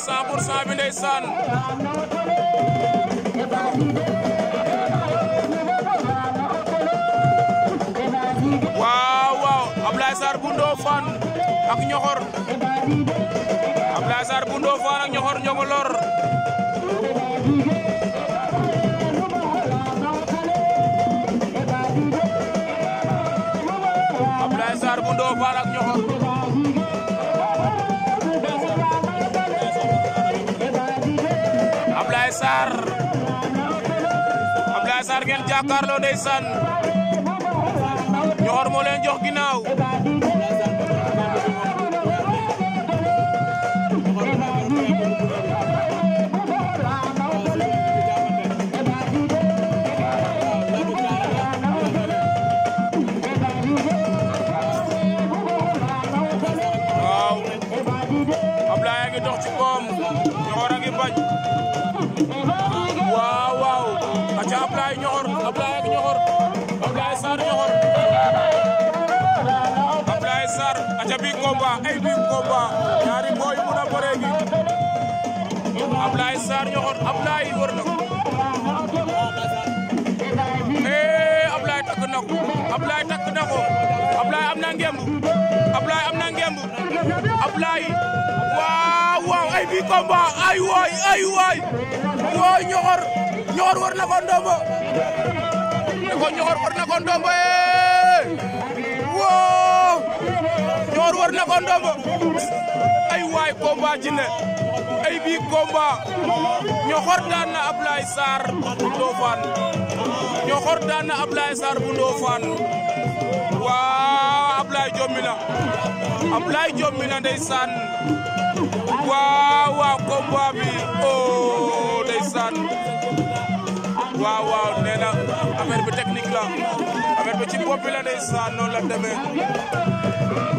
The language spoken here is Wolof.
100 pour 100 bi ndeysaan waaw waaw Ablaye ak Ñoxor Ablaye Sarr bu Ndofane Ñoxor ñoo Ablaye Sarr Ablaye Sarr ngeen jàkkaarloo ndeysaan Niokh moo leen jox ginnaaw Ablaye waaw waaw aca Ablaye Ñoxor Ablaye ak Ñoxor Ablaye Sarr Ñoxor Ablaye Sarr aca bi combat ay bi combat ñaari boy mu na bëree gi Ablaye Sarr Ñoxor Ablaye war na ko eh, takk na ko takk na ko Ablaye am na ngemb ndomba ay waay na ko ndomba ko ñoxor war na ko ee woo ñoxor war na ko eh. ay waay combat ay bi combat ñoxor daan na Ablaye Sarr bu Ndofane ñoxor daan na waa Ablaye Jomina a Ablaye Diop mi na ndeysaan waaw waaw combat bi oh ndeysaan waaw waaw nee na affaire bi technique la affaire bi ci bopp bi la ndeysaan noonu la demee